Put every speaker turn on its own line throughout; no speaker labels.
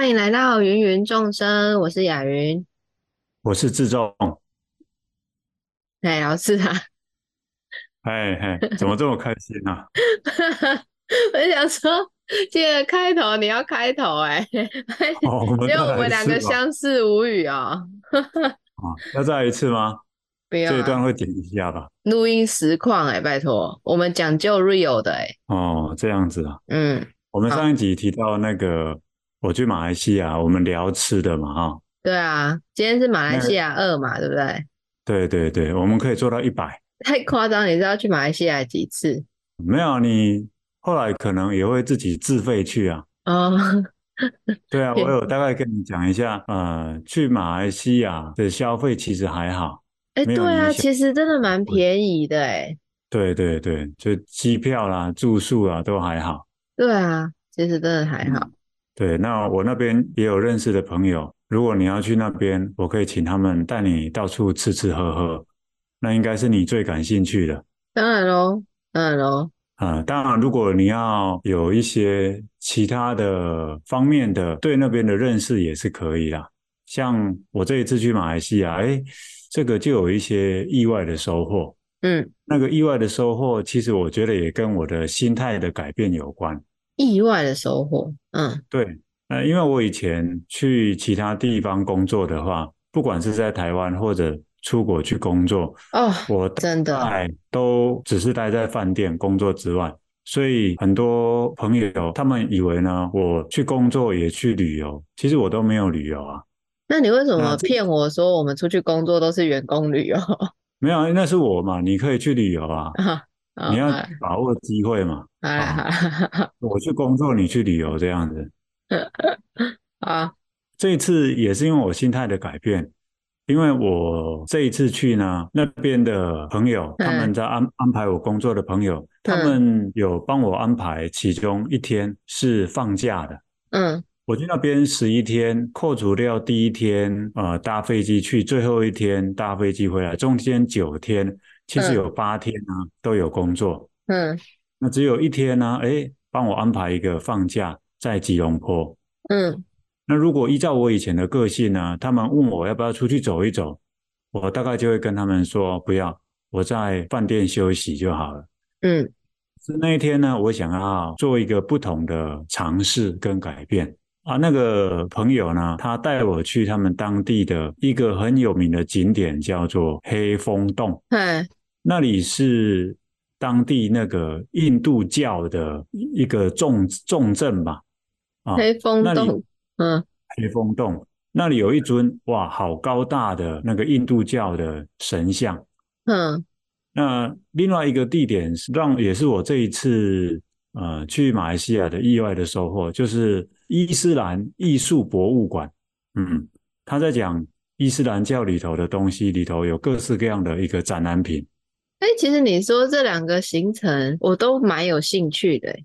歡迎來到芸芸眾生，我是雅云，
我是志仲，
哎，老師他，
啊、嘿嘿，怎麼這麼開心呢？啊？
哈哈，我想說，這個開頭你要開頭哎，欸，哦，我們，我們兩個相視無語啊，哦 哦，要
再來一次嗎？
不要。啊？這一段
會剪一下吧，
錄音實況哎，欸，拜託，我們講究 real 的哎，
欸，哦，這樣子啊，嗯，我們上一集提到那個。我去馬來西亞，我們聊吃的嘛，哈、哦。
對啊，今天是馬來西亞二嘛，對不對？
對對對，我們可以做到一百。
太誇張，你知道去馬來西亞幾次？
沒有，你後來可能也會自己自費去啊。
哦，
對啊，我有大概跟你講一下， 呃，去馬來西亞的消費其實還好。哎、欸，對啊，其
實真的蠻便宜的、欸，哎。
對對對，就機票啦、住宿啦、啊、都還好。
對啊，其實真的還好。嗯
對，那我那邊也有認識的朋友，如果你要去那邊，我可以請他們帶你到處吃吃喝喝，那應該是你最感興趣的。
當然囉，當然囉，
啊，當然，如果你要有一些其他的方面的對那邊的認識也是可以啦。像我這一次去馬來西亞，誒，這個就有一些意外的收穫。嗯，那個意外的收穫，其實我覺得也跟我的心態的改變有關。
意外的收穫。
嗯，對，呃，因為我以前去其他地方工作的話，不管是在台灣或者出國去工作，哦，我真的，都只是待在飯店工作之外，所以很多朋友他們以為呢，我去工作也去旅遊，其實我都沒有旅遊啊。
那你為什麼騙我說我們出去工作都是員工旅遊？
沒有，那是我嘛，你可以去旅遊啊。啊你要把握機會嘛。Oh, hey. 啊、 我去工作，你去旅遊，這樣子。啊、 oh.，這次也是因為我心態的改變，因為我這一次去呢，那邊的朋友，他們在安安排我工作的朋友，mm. 他們有幫我安排，其中一天是放假的。嗯、mm.，我去那邊十一天，扣除掉第一天、呃、搭飛機去，最後一天搭飛機回來，中間九天。其實有八天呢，嗯，都有工作。嗯，那只有一天呢，誒，幫我安排一個放假在吉隆坡。嗯，那如果依照我以前的個性呢，他們問我要不要出去走一走，我大概就會跟他們說不要，我在飯店休息就好了。嗯，那一天呢，我想要做一個不同的嘗試跟改變啊。那個朋友呢，他帶我去他們當地的一個很有名的景點，叫做黑風洞。嗯那裡是當地那個印度教的一個重重鎮吧？啊，黑風洞，嗯，黑風洞那裡有一尊哇，好高大的那個印度教的神像。嗯，那另外一個地點讓也是我這一次呃，去馬來西亞的意外的收穫，就是伊斯蘭藝術博物館。嗯，他在講伊斯蘭教裡頭的東西，裡頭有各式各樣的一個展覽品。
哎、欸，其實你說這兩個行程，我都蠻有興趣的、欸。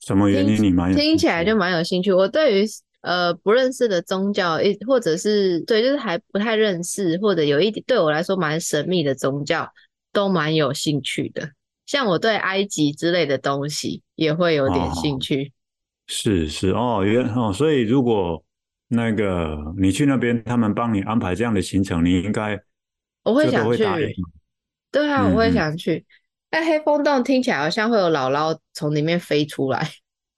什麼原因？你蠻有興趣的聽,
聽起來就蠻有興趣。我對於呃不認識的宗教，一或者是對，就是還不太認識，或者有一點對我來說蠻神秘的宗教，都蠻有興趣的。像我對埃及之類的東西，也會有點興趣。
是是哦，原來哦,哦，所以如果那個你去那邊，他們幫你安排這樣的行程，你應該會
你我會想去。對啊，我會想去。但、嗯欸、黑風洞聽起來好像會有姥姥從裡面飛出來，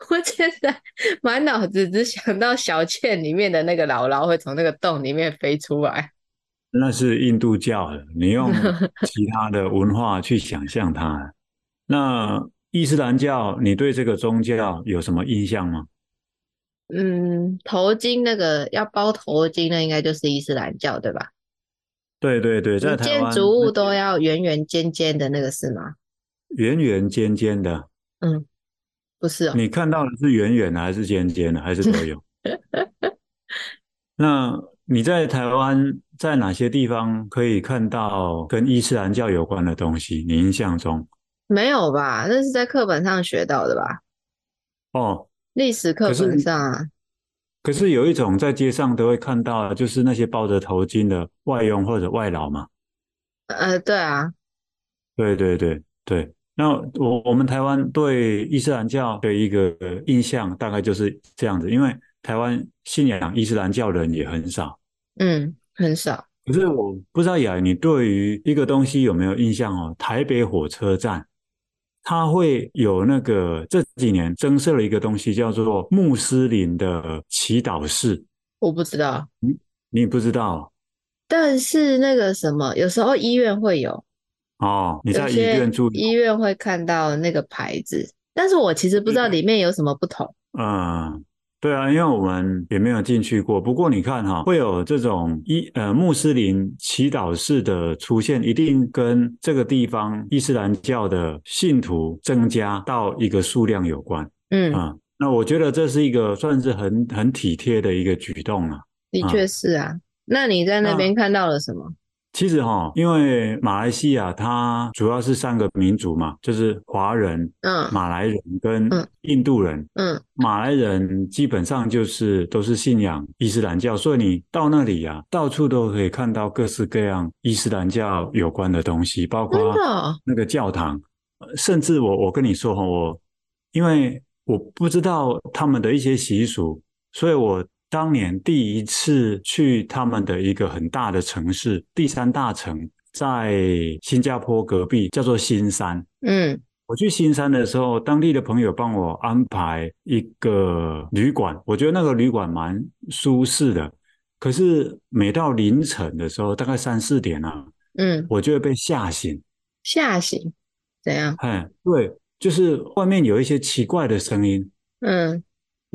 我現在滿腦子只想到小倩裡面的那個姥姥會從那個洞裡面飛
出來。那是印度教的，你用其他的文化去想象它。 那伊斯蘭教，你對這個宗教有什麼印象嗎？嗯，
頭巾，那個要包頭巾，那應該就是伊斯蘭教，對吧？
對對對，在台灣，建築物
都要圓圓尖尖的，那個是嗎？
圓圓尖尖的，嗯，不是哦。你看到的是圓圓的還是尖尖的，還是都有？ 那你在台灣在哪些地方可以看到跟伊斯蘭教有關的東西？你印象中
沒有吧？那是在課本上學到的吧？哦，歷史課本上啊。
可是有一種在街上都會看到，就是那些包着頭巾的外傭或者外勞嘛。
呃，對啊，
對對對對。那我我們台灣對伊斯蘭教的一個印象大概就是這樣子，因為台灣信仰伊斯蘭教的人也很少，嗯，
很少。
可是我不知道雅，雅，你對於一個東西有沒有印象哦？台北火車站。他會有那個這幾年增設了一個東西，叫做穆斯林的祈禱室。我不知道，你，你不知道，
但是那個什麼，有時候醫院會有
哦。你在醫院住，醫
院會看到那個牌子，但是我其實不知道裡面有什麼不同。
嗯。嗯對啊，因為我們也沒有進去過。不過你看哈、哦，會有這種伊呃穆斯林祈禱室的出現，一定跟這個地方伊斯蘭教的信徒增加到一個數量有關。嗯啊，那我覺得這是一個算是很很體貼的一個舉動啊。的確
是啊。啊那你在那邊看到了什麼？啊
其實哈、哦，因為馬來西亞它主要是三個民族嘛，就是華人、嗯，馬來人跟印度人，嗯，嗯，馬來人基本上就是都是信仰伊斯蘭教，所以你到那裡呀、啊，到處都可以看到各式各樣伊斯蘭教有關的東西，包括那個教堂，哦、甚至我我跟你說哈、哦，我因為我不知道他們的一些習俗，所以我。當年第一次去他們的一個很大的城市，第三大城，在新加坡隔壁，叫做新山。嗯，我去新山的時候，當地的朋友幫我安排一個旅館，我覺得那個旅館蠻舒適的。可是每到凌晨的時候，大概三四點啊，嗯，我就會被嚇醒。嚇醒？怎樣？嗯，對，就是外面有一些奇怪的聲音。嗯。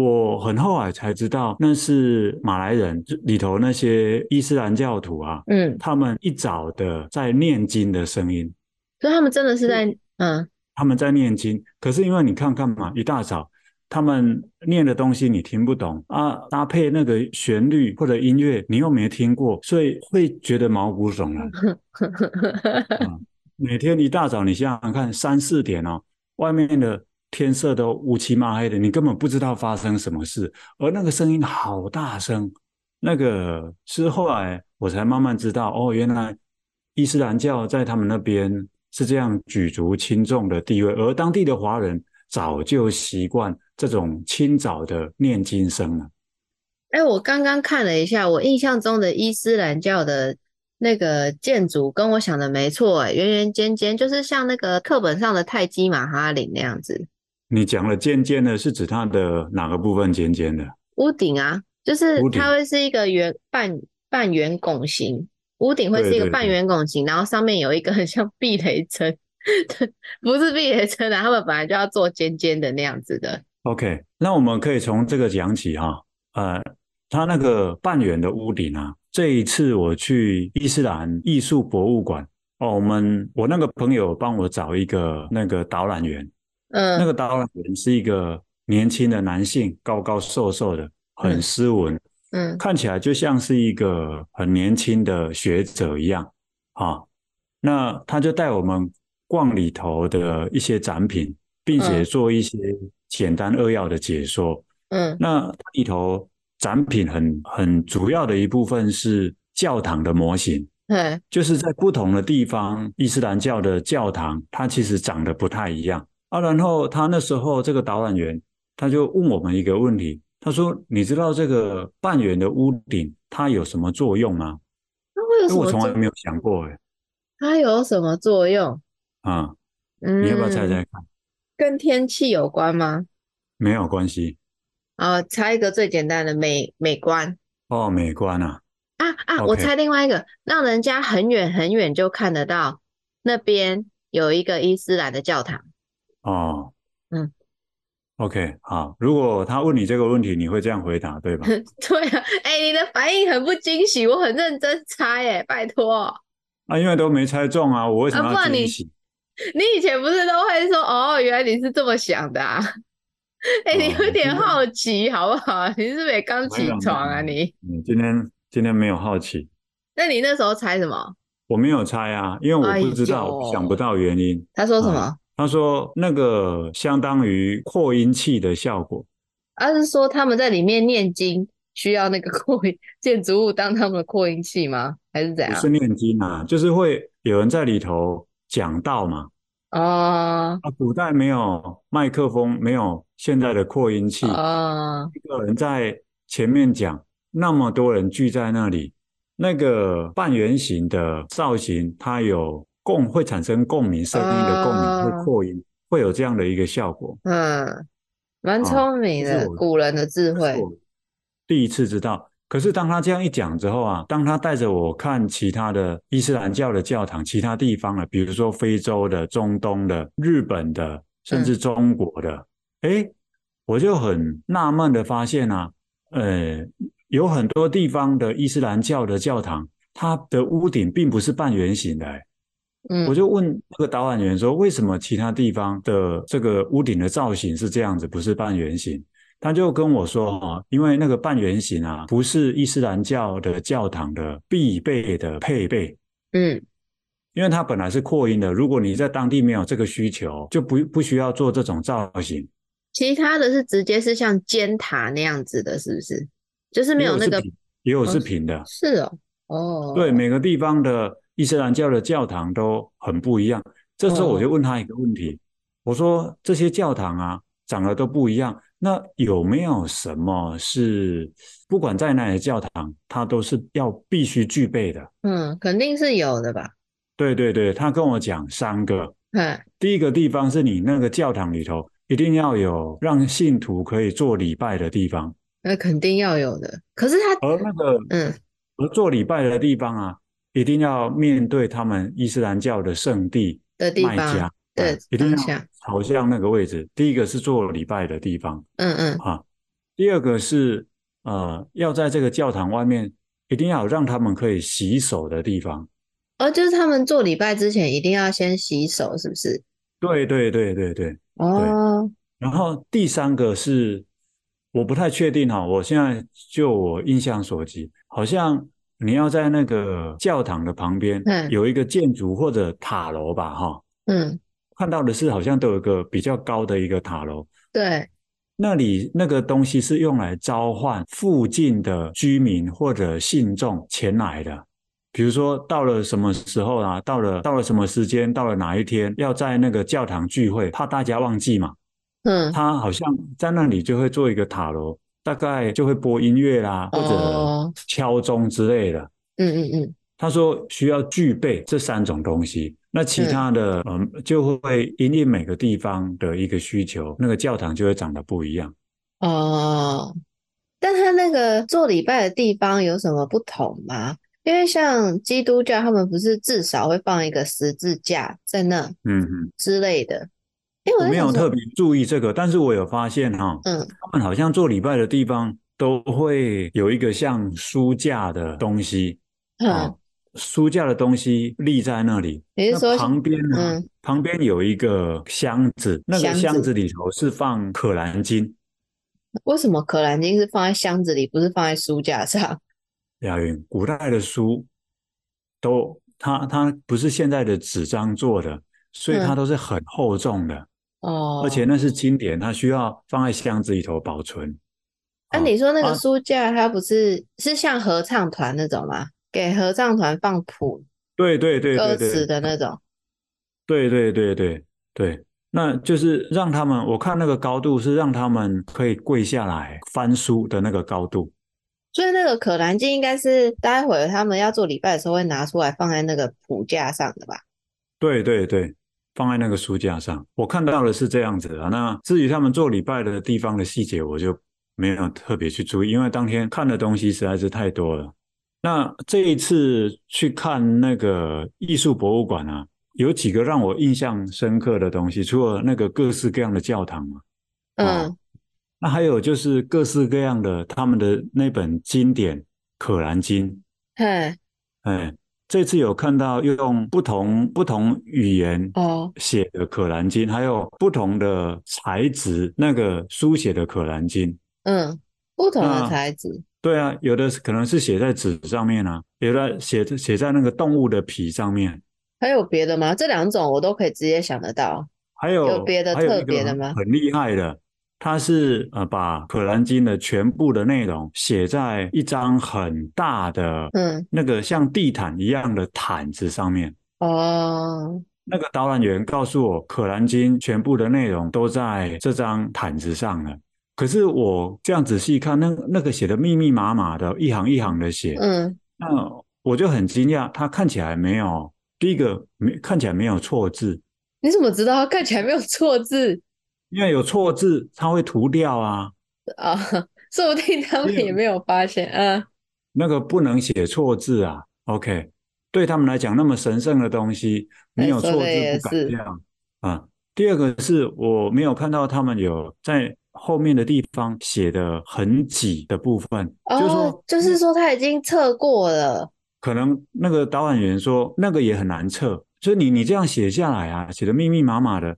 我很後來才知道，那是馬來人裡頭那些伊斯蘭教徒啊，嗯，他們一早的在念經的聲音，所以他們真的是在，嗯，他們在念經。可是因為你看看嘛，一大早他們念的東西你聽不懂啊，搭配那個旋律或者音樂你又沒聽過，所以會覺得毛骨悚然、 嗯。每天一大早你想想看，三四點哦，外面的。天色都烏漆抹黑的，你根本不知道發生什麼事。而那個聲音好大聲，那個是後來我才慢慢知道，哦，原來伊斯蘭教在他們那邊是這樣舉足輕重的地位，而當地的華人早就習慣這種清早的念經聲了。
哎、欸，我剛剛看了一下，我印象中的伊斯蘭教的那個建築跟我想的沒錯、欸，哎，圓圓尖尖，就是像那個課本上的泰姬瑪哈陵那樣子。
你講的尖尖的，是指它的哪個部分尖尖的？
屋頂啊，就是它會是一個圓半半圓拱形，屋頂會是一個半圓拱形對對對，然後上面有一個很像避雷針，對， 不是避雷針的、啊，他們本來就要做尖尖的那樣子的。
OK，那我們可以從這個講起哈、啊，呃，它那個半圓的屋頂啊，這一次我去伊斯蘭藝術博物館哦，我們我那個朋友幫我找一個那個導覽員。嗯，那個導覽員是一個年輕的男性，高高瘦瘦的，很斯文。嗯，嗯，看起來就像是一個很年輕的學者一樣啊。那他就帶我們逛裡頭的一些展品，並且做一些簡單扼要的解說。嗯，那裡頭展品很很主要的一部分是教堂的模型。嗯，就是在不同的地方，伊斯蘭教的教堂它其實長得不太一樣。啊，然後他那時候這個導覽員他就問我們一個問題，他說：“你知道這個半圓的屋頂它有什麼作用嗎？”
它會有什麼作用？我從來
沒有想過誒、欸。
它有什麼作用
啊？嗯，你要不要猜，猜猜看？
跟天氣有關嗎？
沒有關係。
啊、哦，猜一個最簡單的美美觀。
哦，美觀啊！
啊啊！Okay. 我猜另外一個，讓人家很遠很遠就看得到那邊有一個伊斯蘭的教堂。
哦，嗯，OK，好。如果他問你這個問題，你會這樣回答，對吧？
對啊，哎、欸，你的反應很不驚喜，我很認真猜、欸，哎，拜託。
啊，因為都沒猜中啊，我為什麼要驚喜、啊、你
你以前不是都會說，哦，原來你是這麼想的。啊。哎、欸，你有點好奇，好不好、哦？你是不是也剛起床啊？你、嗯，
嗯，今天今天沒有好奇。
那你那時候猜什麼？
我沒有猜啊，因為我不知道，哎、想不到原因。他說什麼？嗯他說那個相當於擴音器的效果，
而、啊、是說他們在裡面念經，需要那個擴建築物當他們的擴音器嗎？還是怎樣？不是
念經啊，就是會有人在裡頭講道嘛。啊、uh...，古代沒有麥克風，沒有現在的擴音器啊，有、uh... 人在前面講，那麼多人聚在那裡，那個半圓形的造型，它有。共會產生共鳴，聲音的共鳴會擴音。哦，會有這樣的一個效果。
嗯，蠻聰明的，啊、古人的智慧。
第一次知道，可是當他這樣一講之後啊，當他帶着我看其他的伊斯蘭教的教堂，其他地方的，啊，比如說非洲的、中東的、日本的，甚至中國的，哎、嗯，我就很納悶的發現啊，呃，有很多地方的伊斯蘭教的教堂，它的屋頂並不是半圓形的、欸。我就問那個導覽員說：“為什麼其他地方的這個屋頂的造型是這樣子，不是半圓形？”他就跟我說啊：“因為那個半圓形啊，不是伊斯蘭教的教堂的必備的配備。嗯，因為它本來是擴音的，如果你在當地沒有這個需求，就不不需要做這種造型。
其他的是直接是像尖塔那樣子的，是不是？就是沒有那個，也有是平的，哦，是哦，哦，對，
每個地方的。”伊斯蘭教的教堂都很不一樣。這時候我就問他一個問題，我說：“這些教堂啊，長得都不一樣，那有沒有什麼是不管在哪的教堂，它都是要必須具備的？”
嗯，肯定是有的吧？
對對對，他跟我講三個。嗯，第一個地方是你那個教堂裡頭一定要有讓信徒可以做禮拜的地方。那肯定要有的。可是他而那個嗯，而做禮拜的地方啊。一定要面對他們伊斯蘭教的聖地的地方麥加，對，對一，一定要朝向那個位置。第一個是做禮拜的地方，
嗯
嗯，啊。第二個是呃，要在這個教堂外面一定要讓他們可以洗手的地方。
哦，就是他們做禮拜之前一定要先洗手，是不是？
對對對對對。哦。然後第三個是我不太確定哈，我現在就我印象所及，好像。你要在那個教堂的旁邊有一個建築或者塔樓吧？哈，嗯，看到的是好像都有一個比較高的一個塔樓，對、嗯，那裡那個東西是用來召喚附近的居民或者信眾前來的，比如說到了什麼時候啊？到了到了什麼時間？到了哪一天要在那個教堂聚會？怕大家忘記嘛？嗯，他好像在那裡就會做一個塔樓。大概就會播音樂啦，哦，或者敲鐘之類的。嗯嗯嗯，他說需要具備這三種東西，那其他的嗯，嗯就會因應每個地方的一個需求，那個教堂就會長得不一樣。
哦，但他那個做禮拜的地方有什麼不同嗎？因為像基督教，他們不是至少會放一個十字架在那，嗯嗯之類的。嗯欸、我，我沒有特
別注意這個,但是我有發現哈,嗯、他們好像做禮拜的地方都會有一個像書架的東西，嗯,啊,書架的東西立在那裡。也是說旁邊呢，啊嗯？旁邊有一個箱子，箱子,那個箱子裡頭是放可精《可蘭經》。
為什麼《可蘭經》是放在箱子裡,不是放在書架上？
亞云,古代的書都它它不是現在的紙張做的。所以它都是很厚重的哦、嗯，而且那是經典，它需要放在箱子裡頭保存。
啊，啊你說那個書架，它不是、啊、是像合唱團那種嗎？給合唱團放譜，對
對，對對對，歌詞的、的那種。對對對對對,對,對,對，那就是讓他們，我看那個高度是讓他們可以跪下來翻書的那個高度。
所以那個可蘭經應該是待會兒他們要做禮拜的時候會拿出來放在那個譜架上的吧？
對對對。放在那個書架上，我看到的是這樣子啊。那至於他們做禮拜的地方的細節，我就沒有特別去注意，因為當天看的東西實在是太多了。那這一次去看那個藝術博物館啊，有幾個讓我印象深刻的東西，除了那個各式各樣的教堂嘛，嗯，那還有就是各式各樣的他們的那本經典《可蘭經》嗯，嘿，這次有看到用不同不同語言寫的《可蘭經》哦，還有不同的材質那個書寫的《可蘭經》。
嗯，不同的材質。
啊，對啊，有的可能是寫在紙上面啊，有的寫寫在那個動物的皮上面。
還有別的嗎？這兩種我都可以直接想得到。
還有，有別的特別的嗎？很厲害的。他是呃，把《可蘭經》的全部的內容寫在一張很大的，嗯，那個像地毯一樣的毯子上面。哦，那個導覽員告訴我，《可蘭經》全部的內容都在這張毯子上了。可是我這樣仔細看，那那個寫的密密麻麻的，一行一行的寫，嗯，那我就很驚訝，他看起來沒有，第一個沒看起來沒有錯字。
你怎麼知道他看起來沒有錯字？
因為有錯字，他會塗掉啊
啊、哦！說不定他們也沒有發現，啊、嗯。
那個不能寫錯字啊、嗯、，OK。對他們來講，那麼神聖的東西，沒有錯字、哎、也是不敢這樣啊。第二個是，我沒有看到他們有在後面的地方寫的很擠的部分，哦、就是、嗯、
就是說他已經測過了，
可能那個導覽員說那個也很難測，所以你你這樣寫下來啊，寫的密密麻麻的。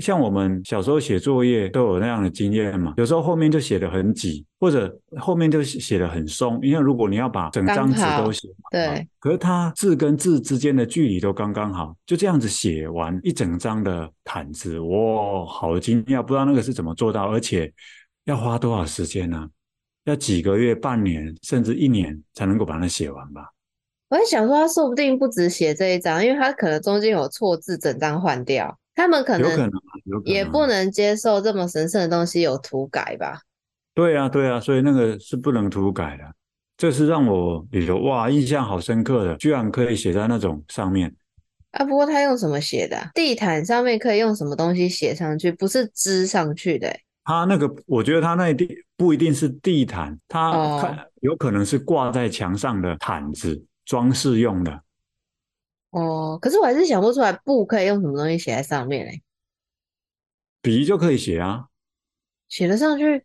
像我們小時候寫作業都有那樣的經驗嘛，有時候後面就寫得很擠，或者後面就寫得很鬆。因為如果你要把整張紙都寫嘛，對、啊，可是它字跟字之間的距離都剛剛好，就這樣子寫完一整張的毯子。哇，好驚訝，不知道那個是怎麼做到，而且要花多少時間呢、啊？要幾個月、半年，甚至一年才能夠把它寫完吧？
我在想說，他說不定不止寫這一張，因為他可能中間有錯字，整張換掉。他們可能有可能、啊有可能啊，也不能接受這麼神聖的東西有塗改吧？
對啊，對啊，所以那個是不能塗改的。這是讓我覺得哇，印象好深刻的，居然可以寫在那種上面
啊！不過他用什麼寫的、啊？地毯上面可以用什麼東西寫上去？不是織上去的、欸。
他那個，我覺得他那地不一定是地毯，他、哦、有可能是掛在牆上的毯子，裝飾用的。
哦，可是我還是想不出來，布可以用什麼東西寫在上面嘞？
筆就可以寫啊，
寫得上去，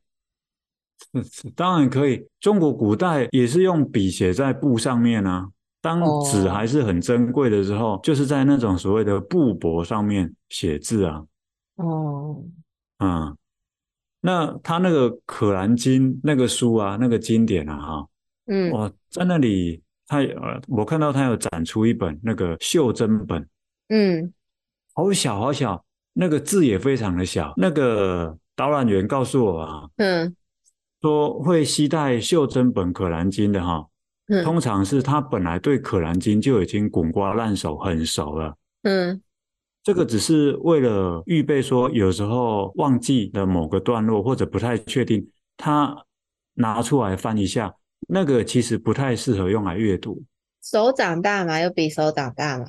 當然可以。中國古代也是用筆寫在布上面啊，當紙還是很珍貴的時候、哦，就是在那種所謂的布帛上面寫字啊。哦，嗯，那他那個《可蘭經》那個書啊，那個經典啊，啊，哈，嗯，哦，在那裡。他呃，我看到他有展出一本那個袖珍本，嗯，好小好小，那個字也非常的小。那個導覽員告訴我啊，嗯，說會攜帶袖珍本《可蘭經》的哈，通常是他本來對《可蘭經》就已經滾瓜爛熟，很熟了，嗯，這個只是為了預備說，有時候忘記的某個段落或者不太確定，他拿出來翻一下。那個其實不太適合用來閱讀，
手掌大嘛，又比手掌大嘛，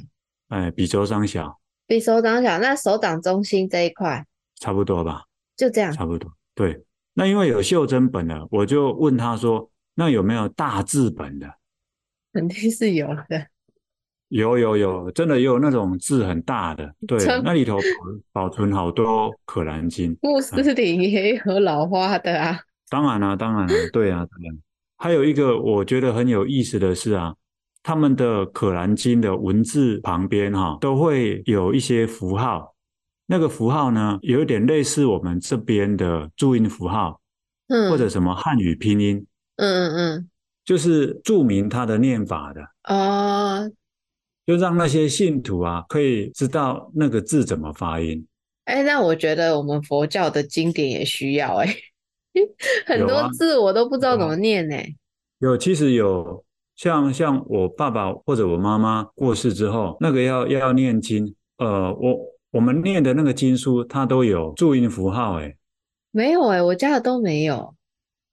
哎，比手掌小，
比手掌小，那手掌中心這一塊
差不多吧，就這樣，差不多，對。那因為有袖珍本的，我就問他說，那有沒有大字本的？
肯定是有的，
有有有，真的有那種字很大的，對，那裡頭保，保存好多可蘭經，
穆斯林也有老花的啊，
當然了，當然了，啊啊，對啊，當然。還有一個我覺得很有意思的是啊，他們的《可蘭經》的文字旁邊哈、啊、都會有一些符號，那個符號呢有一點類似我們這邊的注音符號，嗯，或者什麼漢語拼音，嗯嗯嗯，就是注明它的念法的，啊、哦。就讓那些信徒啊可以知道那個字怎麼發音。
哎、欸，那我覺得我們佛教的經典也需要哎、欸。 很多字我都不知道怎麼念呢。有
啊，有，其實有，像像我爸爸或者我媽媽過世之後，那個要要念經，呃，我我們念的那個經書它都有注音符號欸。
沒有欸，我家的都沒有。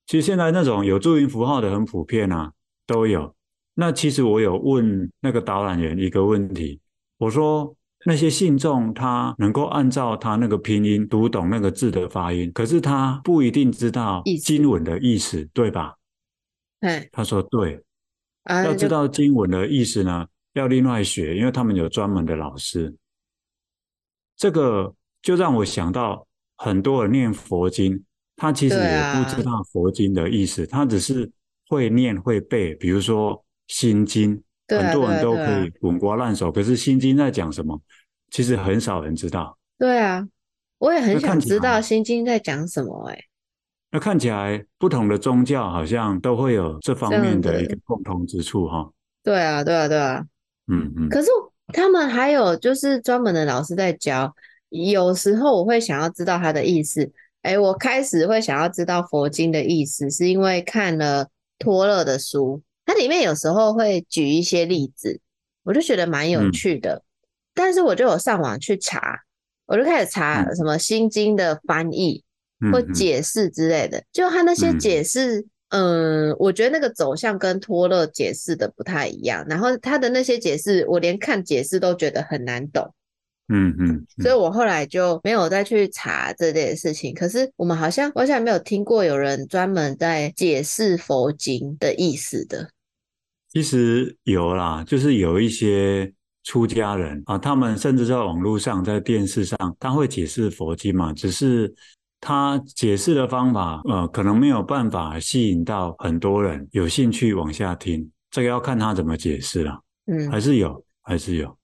其實現在那種有注音符號的很普遍啊，都有。那其實我有問那個導覽員一個問題，我說，那些信眾，他能夠按照他那個拼音讀懂那個字的發音，可是他不一定知道經文的意思，意思對吧？他說對、嗯。要知道經文的意思呢，要另外學，因為他們有專門的老師。這個就讓我想到，很多人念佛經，他其實也不知道佛經的意思，啊、他只是會念會背，比如說《心經》。對啊，對啊，對啊，很多人都可以滾瓜爛熟、啊啊，可是《心經》在講什麼，其實很少人知道。
對啊，我也很想知道《心經》在講什麼哎、
欸。那看起來不同的宗教好像都會有這方面的一個共同之處哈、
哦。對啊，對啊，對啊。嗯嗯。可是他們還有就是專門的老師在教，有時候我會想要知道他的意思。哎，我開始會想要知道佛經的意思，是因為看了托勒的書。它裡面有時候會舉一些例子，我就覺得蠻有趣的、嗯。但是我就有上網去查，我就開始查什麼《心經》的翻譯或解釋之類的。嗯、就他那些解釋，嗯，我覺得那個走向跟托勒解釋的不太一樣。然後他的那些解釋，我連看解釋都覺得很難懂。嗯
嗯。
所以我後來就沒有再去查這件事情。可是我們好像，我想沒有聽過有人專門在解釋佛經的意思的。
其實有啦，就是有一些出家人啊，他們甚至在網絡上、在電視上，他會解釋佛經嘛。只是他解釋的方法，呃，可能沒有辦法吸引到很多人有興趣往下聽。這個要看他怎麼解釋了。嗯，還是有，還是有。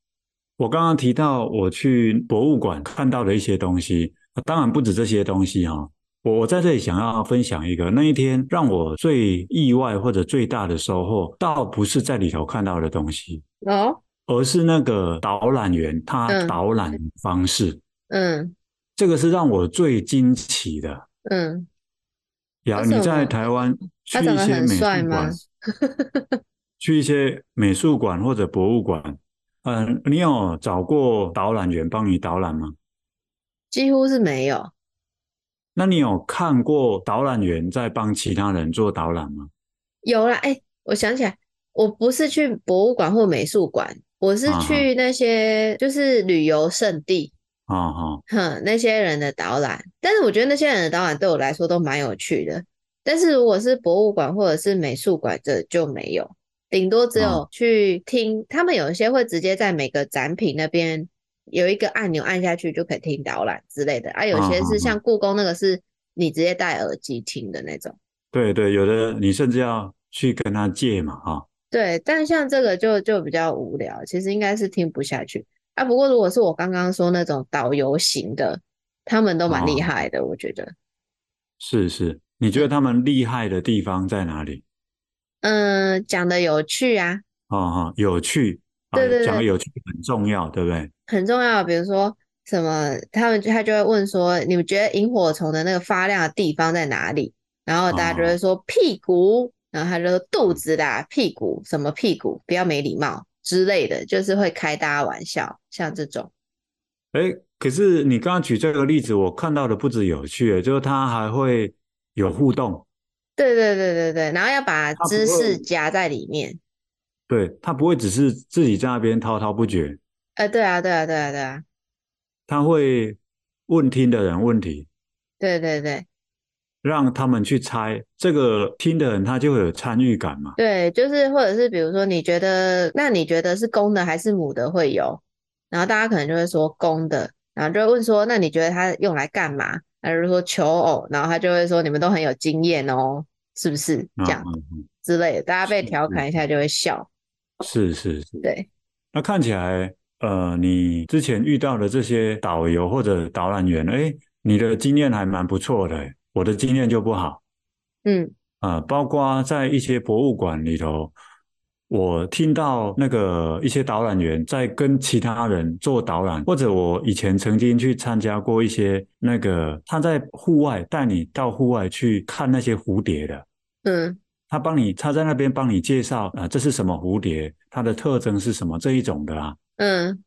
我剛剛提到我去博物館看到的一些東西，啊，當然不止這些東西哈、哦。我在這裡想要分享一個那一天讓我最意外或者最大的收穫，倒不是在裡頭看到的東西，哦，而是那個導覽員他導覽方式，嗯，嗯，這個是讓我最驚奇的，
嗯，
呀，你在台灣去一些美術館，他長得很帥
嗎？
去一些美術館或者博物館，嗯、呃，你有找過導覽員幫你導覽嗎？幾乎是沒有。那你有看過導覽員在幫其他人做導覽嗎？
有啦，哎、欸，我想起來，我不是去博物館或美術館，我是去那些，好好，就是旅遊勝地，
哦
哦，
哼，那些人的導覽。但是我覺得那些人的導覽對我來說都蠻有趣的。但是如果是博物館或者是美術館，這就沒有，頂多只有去聽他們有一些會直接在每個展品那邊。有一個按鈕按下去就可以聽導覽之類的啊，有些是像故宮那個是你直接戴耳機聽的那種哦
哦哦。對對，有的你甚至要去跟他借嘛，哈、
哦。對，但像這個就就比較無聊，其實應該是聽不下去啊。不過如果是我剛剛說那種導遊型的，他們都蠻厲害的、哦，我覺得。
是是，你覺得他們厲害的地方在哪裡？嗯，
講的有趣啊。
哦哦，有趣。對對，對，講的有趣很重要，對不對？
很重要，比如說什麼，他們他就會問說：“你們覺得螢火蟲的那個發亮的地方在哪裡？”然後大家就會說：“屁股。”哦，然後他就說：“肚子啦，屁股什麼屁股？不要沒禮貌之類的。”就是會開大家玩笑，像這種。
哎、欸，可是你剛剛舉這個例子，我看到的不止有趣，就是他還會有互動。
對對對對對，然後要把知識夾在裡面。
他不會，對，他不會只是自己在那邊滔滔不絕。
哎、欸，對啊，對啊，對啊，對啊，
他會問聽的人問題，
對對對，
讓他們去猜這個聽的人，他就會有參與感嘛。
對，就是或者是比如說，你覺得那你覺得是公的還是母的會有？然後大家可能就會說公的，然後就會問說，那你覺得它用來幹嘛？還是說求偶，然後他就會說你們都很有經驗哦、喔，是不是這樣之類的？啊、大家被調侃一下就會笑，
是是是，是，對，那看起來。呃，你之前遇到的這些導遊或者導覽員，哎、欸，你的經驗還蠻不錯的，我的經驗就不好。嗯，啊、呃，包括在一些博物館裡頭，我聽到那個一些導覽員在跟其他人做導覽，或者我以前曾經去參加過一些那個他在戶外帶你到戶外去看那些蝴蝶的，嗯，他幫你他在那邊幫你介紹啊、呃，這是什麼蝴蝶，它的特徵是什麼這一種的啊。嗯，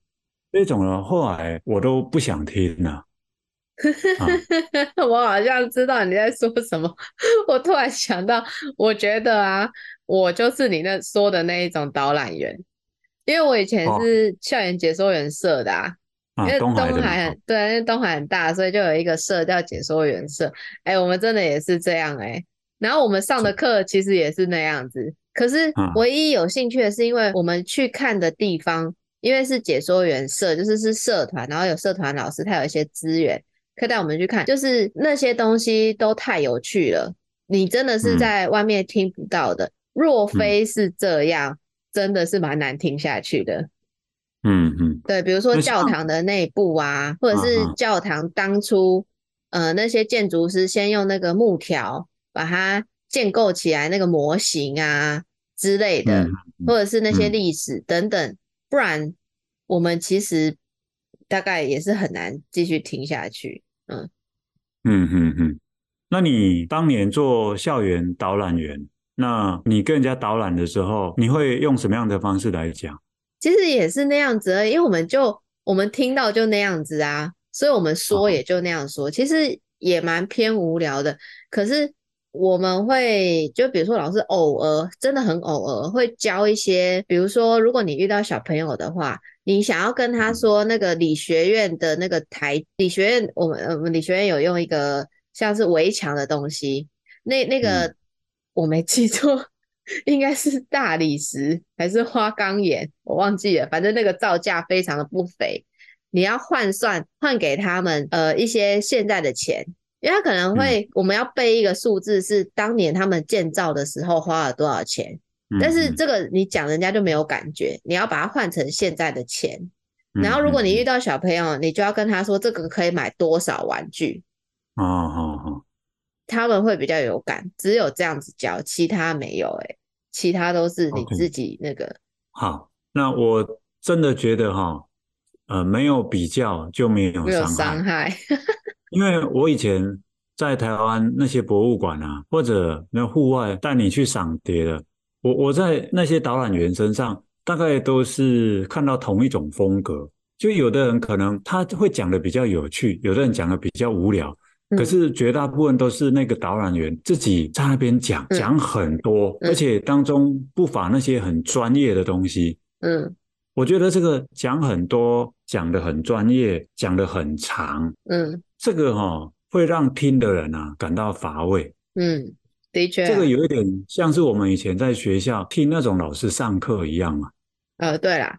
那種呢，後來我都不想聽了、啊。
啊、 我好像知道你在說什麼。 我突然想到，我覺得啊，我就是你那說的那一種導覽員，因為我以前是校園解說員社的啊。
啊，因為東海，東海很
對，因為東海很大，所以就有一個社叫解說員社。哎、欸，我們真的也是這樣哎、欸。然後我們上的課其實也是那樣子、嗯。可是唯一有興趣的是，因為我們去看的地方。因為是解說員社，就是是社團，然後有社團老師，他有一些資源可以帶我們去看，就是那些東西都太有趣了，你真的是在外面聽不到的。嗯，若非是這樣，嗯，真的是蠻難聽下去的。嗯嗯，對，比如說教堂的內部啊，嗯嗯，或者是教堂當初，嗯嗯，呃那些建築師先用那個木條把它建構起來那個模型啊之類的，嗯嗯，或者是那些歷史等等。不然，我們其實大概也是很難繼續聽下去。
嗯，嗯嗯嗯。那你當年做校園導覽員，那你跟人家導覽的時候，你會用什麼樣的方式來講？
其實也是那樣子而已，因為我們就我們聽到就那樣子啊，所以我們說也就那樣說。哦，其實也蠻偏無聊的，可是。我們會就比如說老師偶爾真的很偶爾會教一些，比如說如果你遇到小朋友的話，你想要跟他說那個理學院的那個台、嗯、理學院，我們呃我們理學院有用一個像是圍牆的東西，那那個、嗯、我沒記錯，應該是大理石還是花崗岩，我忘記了，反正那個造價非常的不菲，你要換算換給他們呃一些現在的錢。因為他可能會，嗯、我們要背一個數字，是當年他們建造的時候花了多少錢。嗯、但是這個你講人家就沒有感覺，嗯、你要把它換成現在的錢、嗯。然後如果你遇到小朋友、嗯，你就要跟他說這個可以買多少玩具。
哦哦
哦，他們會比較有感。只有這樣子教，其他沒有、欸。哎，其他都是你自己那個。
Okay. 好，那我真的覺得哈，呃，沒有比較就沒有傷害。沒有傷害。因為我以前在台灣那些博物館啊，或者那戶外帶你去賞蝶的，我我在那些導覽員身上，大概都是看到同一種風格。就有的人可能他會講的比較有趣，有的人講的比較無聊，嗯。可是絕大部分都是那個導覽員自己在那邊講，嗯，講很多，嗯，而且當中不乏那些很專業的東西。嗯，我覺得這個講很多，講得很專業，講得很長。嗯。這個哈、哦、會讓聽的人啊感到乏味，
嗯，的確、啊，這個
有一點像是我們以前在學校聽那種老師上課一樣嘛。
呃，對啦，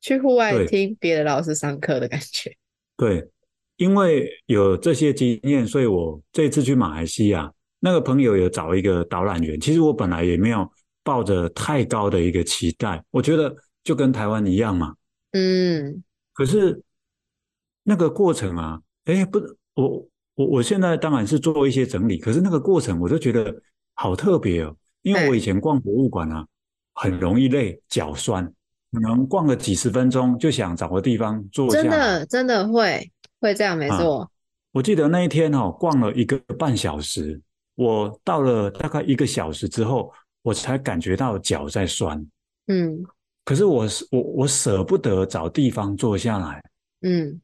去戶外聽別的老師上課的感覺對。
對，因為有這些經驗，所以我這次去馬來西亞，那個朋友有找一個導覽員。其實我本來也沒有抱着太高的一個期待，我覺得就跟台灣一樣嘛。
嗯，
可是那個過程啊，哎、欸，不。我我我現在當然是做一些整理，可是那個過程我就覺得好特別哦，因為我以前逛博物館啊，很容易累，腳酸，可能逛個幾十分鐘就想找個地方坐一下，真的
真的會會這樣，沒錯。啊，
我記得那一天哦，逛了一個半小時，我到了大概一個小時之後，我才感覺到腳在酸，
嗯，
可是我我我捨不得找地方坐下來，嗯。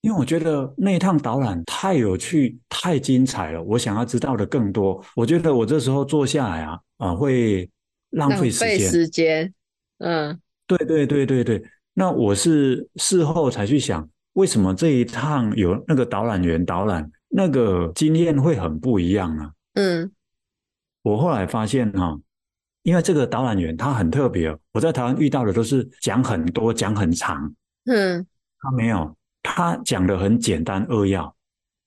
因為我覺得那一趟導覽太有趣、太精彩了，我想要知道的更多。我覺得我這時候坐下來啊，啊，會浪費時間。浪費時間，嗯，對對對對對。那我是事後才去想，為什麼這一趟有那個導覽員導覽，那個經驗會很不一樣呢？嗯，我後來發現哈、啊，因為這個導覽員他很特別，我在台灣遇到的都是講很多、講很長，
嗯，
他沒有。他講的很簡單扼要，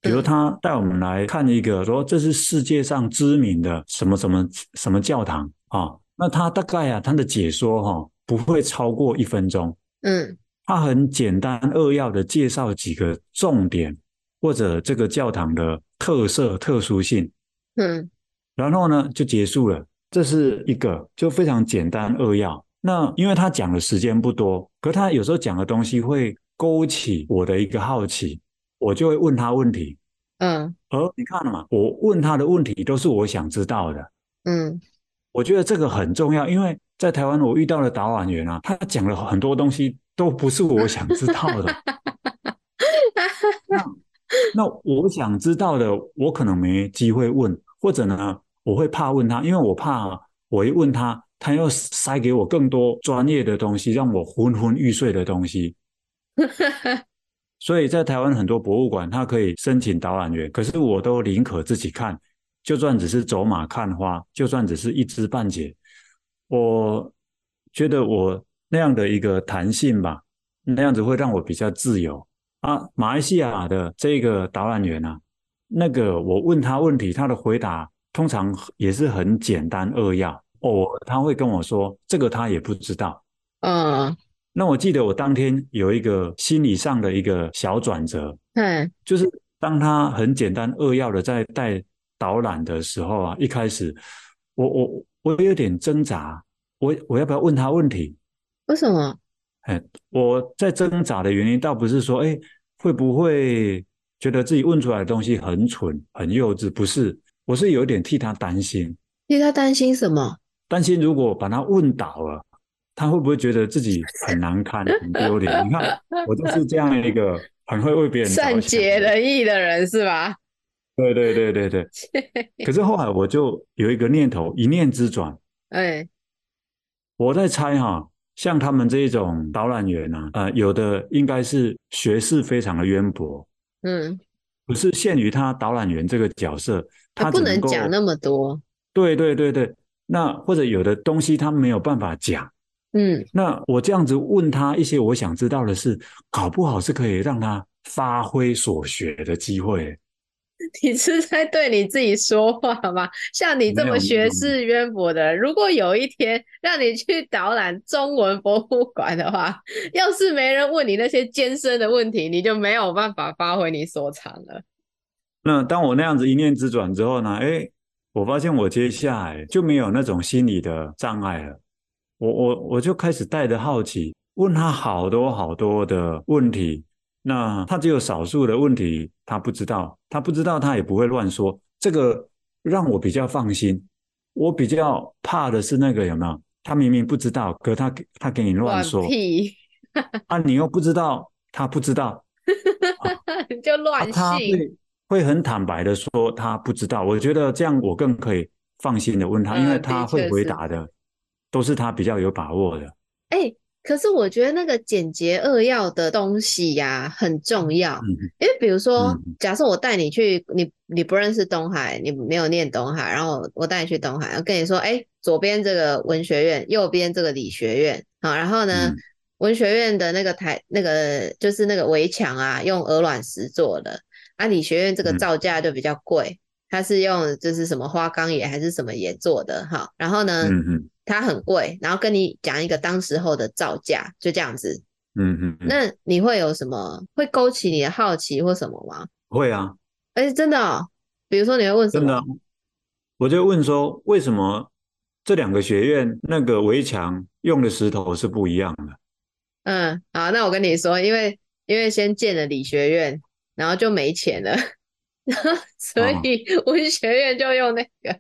比如他帶我們來看一個，說這是世界上知名的什麼什麼什麼教堂啊。那他大概啊，他的解說哈、哦、不會超過一分鐘。嗯，他很簡單扼要的介紹幾個重點或者這個教堂的特色特殊性。嗯，然後呢就結束了。這是一個就非常簡單扼要。那因為他講的時間不多，可他有時候講的東西會。勾起我的一個好奇，我就會問他問題。嗯，而你看了嘛，我問他的問題都是我想知道的。嗯，我覺得這個很重要，因為在台灣我遇到的導覽員啊，他講了很多東西都不是我想知道的。 那，那我想知道的，我可能沒機會問，或者呢，我會怕問他，因為我怕我一問他，他要塞給我更多專業的東西，讓我昏昏欲睡的東西。 所以，在台灣很多博物館，他可以申請導覽員，可是我都寧可自己看，就算只是走馬看花，就算只是一知半解，我覺得我那樣的一個彈性吧，那樣子會讓我比較自由啊。馬來西亞的這個導覽員啊，那個我問他問題，他的回答通常也是很簡單扼要哦，他會跟我說這個他也不知道，嗯。那我記得我當天有一個心理上的一個小轉折，對，就是當他很簡單扼要的在帶導覽的時候啊，一開始我我我有點掙扎，我我要不要問他問題？
為什麼？
哎，我在掙扎的原因倒不是說哎、欸、會不會覺得自己問出來的東西很蠢很幼稚，不是，我是有一點替他擔心。替他擔心什麼？擔心如果把他問倒了。他會不會覺得自己很難堪、很丟臉？ 你看，我就是這樣一個很會為別人的善
解人意的人，是吧？
對對對對對。 可是後來我就有一個念頭，一念之轉。哎、欸，我在猜哈，像他們這一種導覽員呢、啊呃，有的應該是學識非常的淵博。嗯，不是限於他導覽員這個角色，他不能講那麼多。對對對對，那或者有的東西他沒有辦法講。嗯，那我這樣子問他一些我想知道的事，搞不好是可以讓他發揮所學的機會。
你是在對你自己說話嗎？像你這麼學識淵博的，如果有一天讓你去導覽中文博物館的話，要是沒人問你那些艱深的問題，你就沒有辦法發揮你所長了。
那當我那樣子一念之轉之後呢，哎、欸，我發現我接下來就沒有那種心理的障礙了。我我我就開始帶着好奇問他好多好多的問題，那他只有少數的問題他不知道，他不知道他也不會亂說，這個讓我比較放心。我比較怕的是那個有沒有？他明明不知道，可他他給你亂說，屁啊，你又不知道，他不知道，
啊、 就亂信、啊，
會很坦白的說他不知道。我覺得這樣我更可以放心的問他，嗯、因為他會回答的。嗯都是他比較有把握的。哎、
欸，可是我覺得那個簡潔扼要的東西呀、啊、很重要、嗯。因為比如說，嗯、假設我帶你去，你你不認識東海，你沒有念東海，然後我帶你去東海，我跟你說，哎、欸，左邊這個文學院，右邊這個理學院，好、喔，然後呢、嗯，文學院的那個台那個就是那個圍牆啊，用鵝卵石做的啊，理學院這個造價就比較貴、嗯，它是用就是什麼花崗岩還是什麼岩做的哈、喔，然後呢，嗯嗯。它很貴，然後跟你講一個當時候的造價，就這樣子。嗯嗯，那你會有什麼會勾起你的好奇或什麼嗎？會啊，哎，真的哦，比如說你會問什麼？
真的啊，我就問說為什麼這兩個學院那個圍牆用的石頭是不一樣的？
嗯，好，那我跟你說，因為因為先建了理學院，然後就沒錢了，然 後所以文學院就用那個，哦，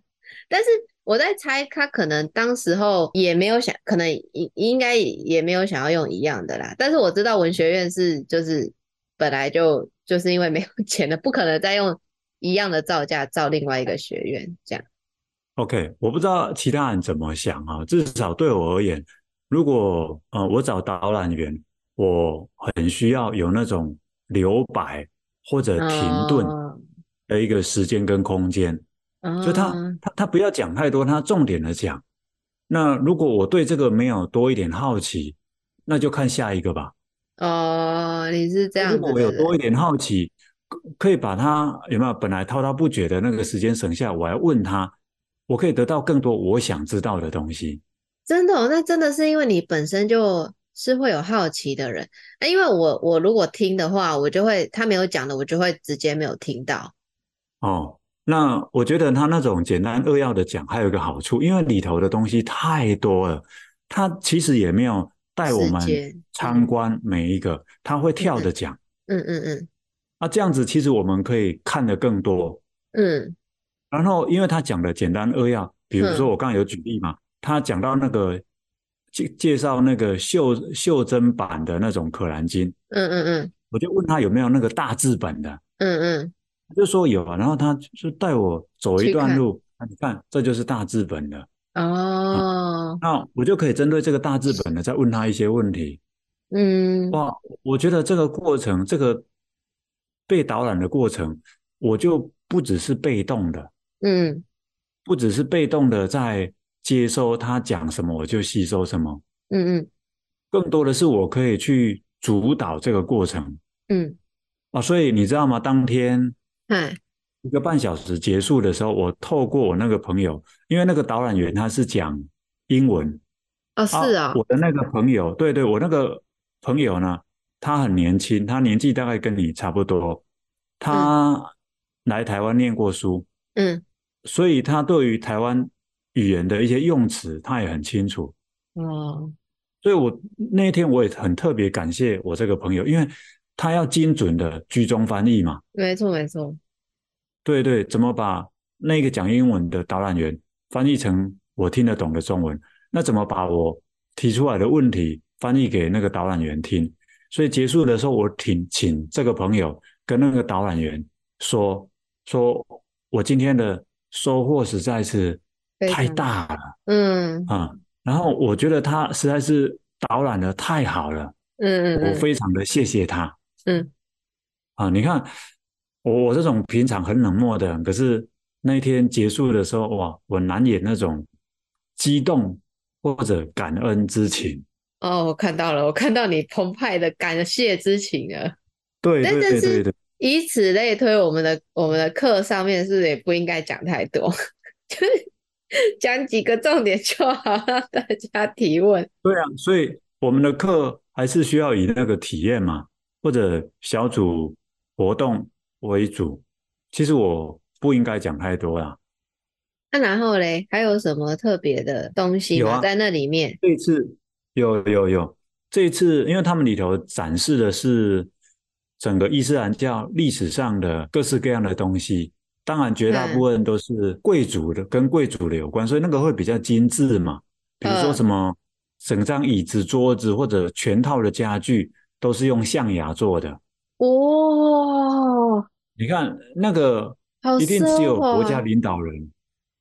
但是。我在猜，他可能當時候也沒有想，可能應應該也沒有想要用一樣的啦。但是我知道文學院是就是本來就就是因為沒有錢了，不可能再用一樣的造價造另外一個學院這樣。
OK，我不知道其他人怎麼想啊，至少對我而言，如果呃我找導覽員，我很需要有那種留白或者停頓的一個時間跟空間。哦就他，oh. 他，他不要講太多，他重點的講。那如果我對這個沒有多一點好奇，那就看下一個吧。
哦、oh，你是這樣。如果我有
多一點好奇，可以把他有沒有本來滔滔不絕的那個時間省下，我來問他，我可以得到更多我想知道的東西。
真的、哦，那真的是因為你本身就是會有好奇的人。那因為我我如果聽的話，我就會他沒有講的，我就會直接沒有聽到。
哦、oh。那我覺得他那種簡單扼要的講，還有一個好處，因為裡頭的東西太多了，他其實也沒有帶我們參觀每一個，嗯、他會跳着講，嗯嗯
嗯，
那、嗯嗯啊、這樣子其實我們可以看得更多，嗯，然後因為他講的簡單扼要，比如說我剛剛有舉例嘛，嗯、他講到那個介介紹那個袖袖珍版的那種《可蘭經》，嗯嗯嗯，我就問他有沒有那個大字本的，嗯嗯。就說有啊，然後他就帶我走一段路，看，你看，這就是大資本的
哦。啊。
那我就可以針對這個大資本的再問他一些問題。嗯，哇，我覺得這個過程，這個被導覽的過程，我就不只是被動的，
嗯，
不只是被動的在接收他講什麼，我就吸收什麼。嗯嗯，更多的是我可以去主導這個過程。嗯，啊，所以你知道嗎？當天。對，一個半小時結束的時候，我透過我那個朋友，因為那個導覽員他是講英文，
哦、是、哦、啊，我
的那個朋友，對對，我那個朋友呢，他很年輕，他年紀大概跟你差不多，他來台灣念過書，嗯，所以他對於台灣語言的一些用詞，他也很清楚，哦、嗯，所以我那一天我也很特別感謝我這個朋友，因為。他要精準的居中翻譯嘛？
沒錯，沒錯。
對對，怎麼把那個講英文的導覽員翻譯成我聽得懂的中文？那怎麼把我提出來的問題翻譯給那個導覽員聽？所以結束的時候，我請請這個朋友跟那個導覽員說說，我今天的收穫實在是太大了。嗯啊，然後我覺得他實在是導覽得太好了。嗯
嗯，我非
常的謝謝他。嗯，啊，你看我，我這種平常很冷漠的人，可是那一天結束的時候，哇，我難掩那種激動或者感恩之情。
哦，我看到了，我看到你澎湃的感謝之情了。
對對對對，對，對但是
以此類推，我們的我們的課上面是不是也不應該講太多， 就是講幾個重點就好，讓大家提問。
對啊，所以我們的課還是需要以那個體驗嘛。或者小組活動為主。其實我不應該講太多啦。那、
啊、然後嘞，還有什麼特別的東西有、啊、在那裡面？
這一次有有有，這一次因為他們裡頭展示的是整個伊斯蘭教歷史上的各式各樣的東西，當然絕大部分都是貴族的，嗯、跟貴族的有關，所以那個會比較精緻嘛。比如說什麼整張椅子、桌子或者全套的家具。都是用象牙做的
哦。
你看那個，一定只有國家領導人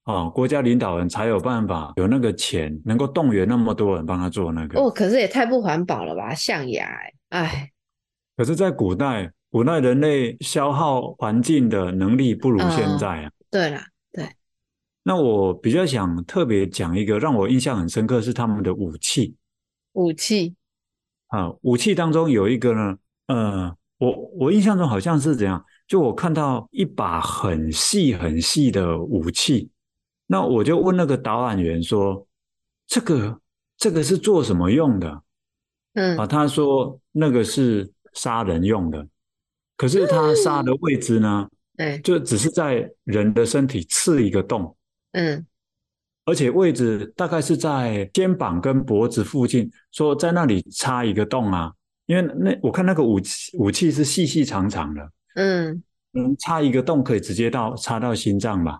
啊、哦嗯，國家領導人才有辦法，有那個錢，能夠動員那麼多人幫他做那個。哦，
可是也太不環保了吧，象牙、欸！哎，
可是在古代，古代人類消耗環境的能力不如現在啊。
哦、對啦，對。
那我比較想特別講一個，讓我印象很深刻是他們的武器。武器。啊，武器當中有一個呢，呃，我我印象中好像是怎樣？就我看到一把很細很細的武器，那我就問那個導覽員說：“這個這個是做什麼用的？”嗯，啊，他說那個是殺人用的，可是他殺的位置呢？對、嗯，就只是在人的身體刺一個洞。嗯。嗯而且位置大概是在肩膀跟脖子附近，說在那裡插一個洞啊，因為那我看那個武器武器是細細長長的，嗯，插一個洞可以直接到插到心臟吧？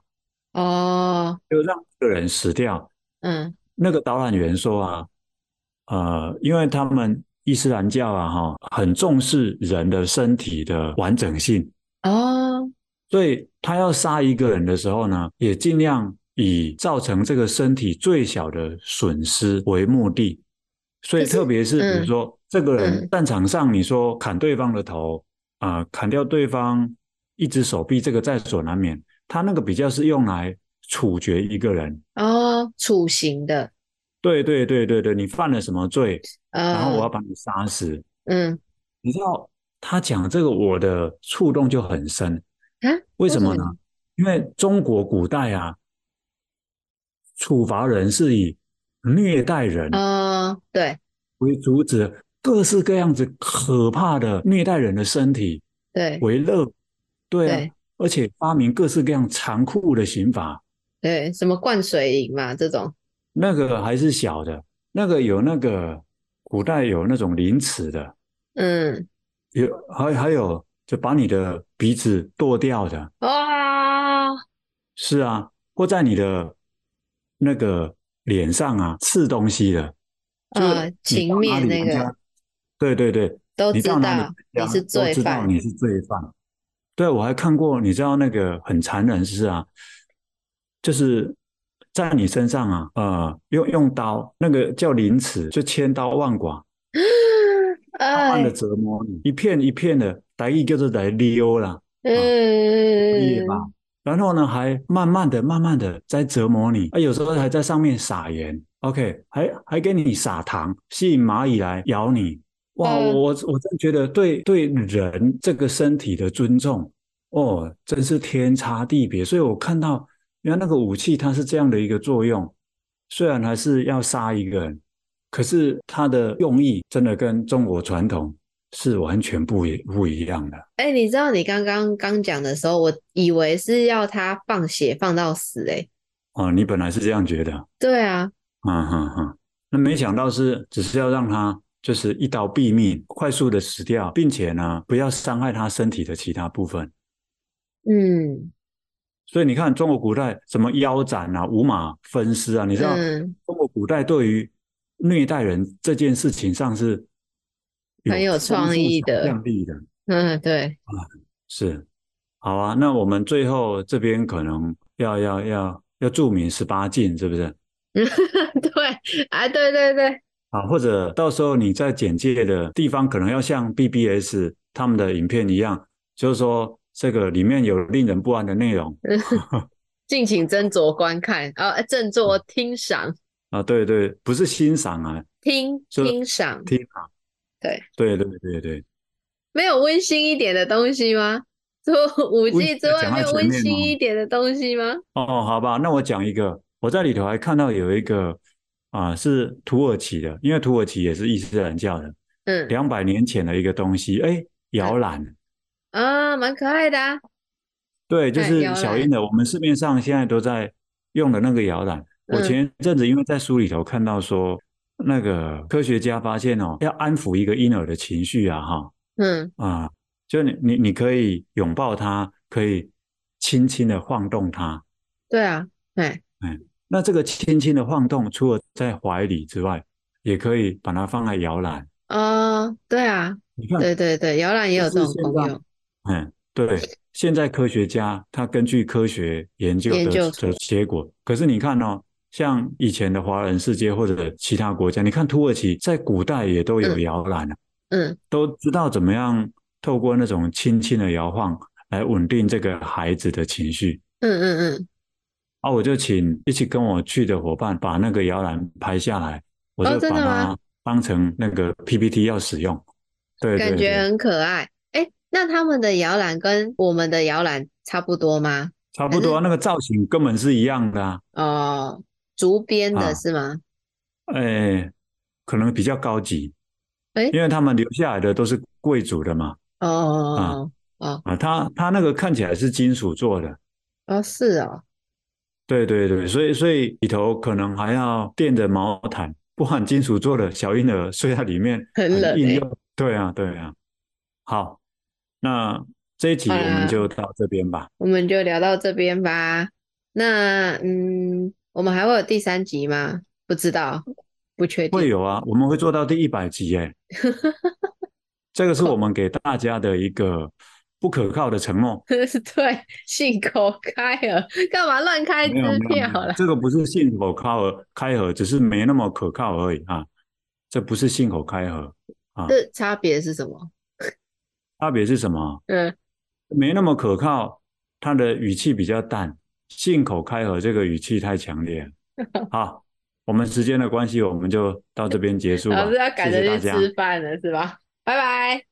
哦，
就讓這個人死掉。嗯，那個導覽員說啊，呃，因為他們伊斯蘭教啊哈，哦，很重視人的身體的完整性哦，所以他要殺一個人的時候呢，也盡量。以造成這個身體最小的損失為目的，所以特別是比如說這、嗯，這個人戰場上，你說砍對方的頭啊、嗯呃，砍掉對方一隻手臂，這個在所難免。他那個比較是用來處決一個人
哦，處刑的。
對對對對對，你犯了什麼罪？哦、然後我要把你殺死。嗯，你知道他講這個，我的觸動就很深
啊？為什麼呢？
因為中國古代啊。處罰人是以虐待人啊，對，為主旨，各式各樣子可怕的虐待人的身體，對，為樂，對，而且發明各式各樣殘酷的刑法，對，什麼灌水銀嘛這種，那個還是小的，那個有，那個古代有那種凌遲的，嗯，有還還有就把你的鼻子剁掉的
啊，
是啊，或在你的，那個臉上啊，刺東西的，
啊、呃，情面那
個，對對對，都知道你，你是罪犯，犯，你是罪犯，對，我還看過，你知道那個很殘忍，是啊，就是在你身上啊，呃，用用刀，那個叫凌遲，就千刀萬剮，
慢慢 的折
磨你， 一片一片的，來一個就來溜了，
嗯，違
然後呢，還慢慢的、慢慢的在折磨你啊！有時候還在上面撒鹽，OK，還還給你撒糖，吸引螞蟻來咬你。哇，嗯、我我真覺得對對人這個身體的尊重，哦，真是天差地別。所以我看到，原來那個武器，它是這樣的一個作用。雖然還是要殺一個人，可是它的用意真的跟中國傳統。是完全不不一樣的。
哎、欸，你知道你剛剛剛講的時候，我以為是要他放血放到死。欸，
哎，哦，你本來是這樣覺得？對啊，嗯哼哼，那沒想到是只是要讓他就是一刀斃命，快速的死掉，並且呢，不要傷害他身體的其他部分。
嗯，
所以你看中國古代什麼腰斬啊、五馬分屍啊，你知道、嗯、中國古代對於虐待人這件事情上是，很有創意的，亮麗的，嗯，對、啊，是，好啊。那我們最後這邊可能要要要要注明十八禁，是不是？
對，哎、啊，對對對，
啊，或者到時候你在簡介的地方可能要像 BBS 他們的影片一樣，就是說這個裡面有令人不安的內容，
敬請斟酌觀看啊，斟酌聽賞
啊，對對，不是欣賞啊，
聽聽賞，聽
賞。對，對對對對對，
沒有溫馨一點的東西嗎？就五 G 之外，沒有溫馨一點的東西嗎，
的嗎？哦，好吧，那我講一個，我在裡頭還看到有一個啊、呃，是土耳其的，因為土耳其也是伊斯蘭教的，嗯，兩百年前的一個東西，哎，搖籃，啊、嗯
嗯，蠻可愛的、啊，
對，就是小英的，我們市面上現在都在用的那個搖籃、嗯，我前一陣子因為在書裡頭看到說。那個科學家發現哦，要安撫一個嬰兒的情緒啊，哈、嗯，嗯啊，就你你你可以擁抱他，可以輕輕的晃動他。對啊，
對、欸，
嗯，那這個輕輕的晃動，除了在懷裡之外，也可以把它放在搖籃。啊、嗯，
對啊，你看，對對對，搖籃也有這種功
效。嗯，對，現在科學家他根據科學研究的研究的結果，可是你看哦。像以前的華人世界或者其他國家，你看土耳其在古代也都有搖籃、嗯嗯、都知道怎麼樣透過那種輕輕的搖晃來穩定這個孩子的情緒，嗯嗯嗯。嗯啊、我就請一起跟我去的夥伴把那個搖籃拍下來，我就把它當成那個 PPT 要使用，哦、對、對、對，感覺很
可愛。欸、那他們的搖籃跟我們的搖籃差不多嗎？差不多、啊嗯，那個
造型根本是一樣的、
啊哦竹編
的是嗎？哎、啊欸，可能比較高級、
欸。因為他
們留下來的都是貴族的嘛。
哦哦
哦哦啊！他、哦、他、哦啊哦、那個看起來是金屬做的。
哦，是哦，
對對對，所以所以裡頭可能還要墊着毛毯，不然金屬做的小嬰兒睡在裡面很，應用很冷、欸。對啊對啊。好，那這一集我們就到這邊吧、啊。
我們就聊到這邊吧。那嗯。我們還會有第三集嗎？不知道，不確定。會
有啊，我們會做到第一百集哎。 這個是我們給大家的一個不可靠的承諾。
對，信口開河，幹嘛亂開支票？沒有，沒有，沒有，
這個不是信口開河，開河，只是沒那麼可靠而已啊。這不是信口開河啊。這
差別是什麼？
差別是什麼？呃、嗯，沒那麼可靠，他的語氣比較淡。信口開河，這個語氣太強烈。好， 我們時間的關係，我們就到這邊結束吧。老師要趕着去吃飯
了，謝謝
大家 是吧？拜拜。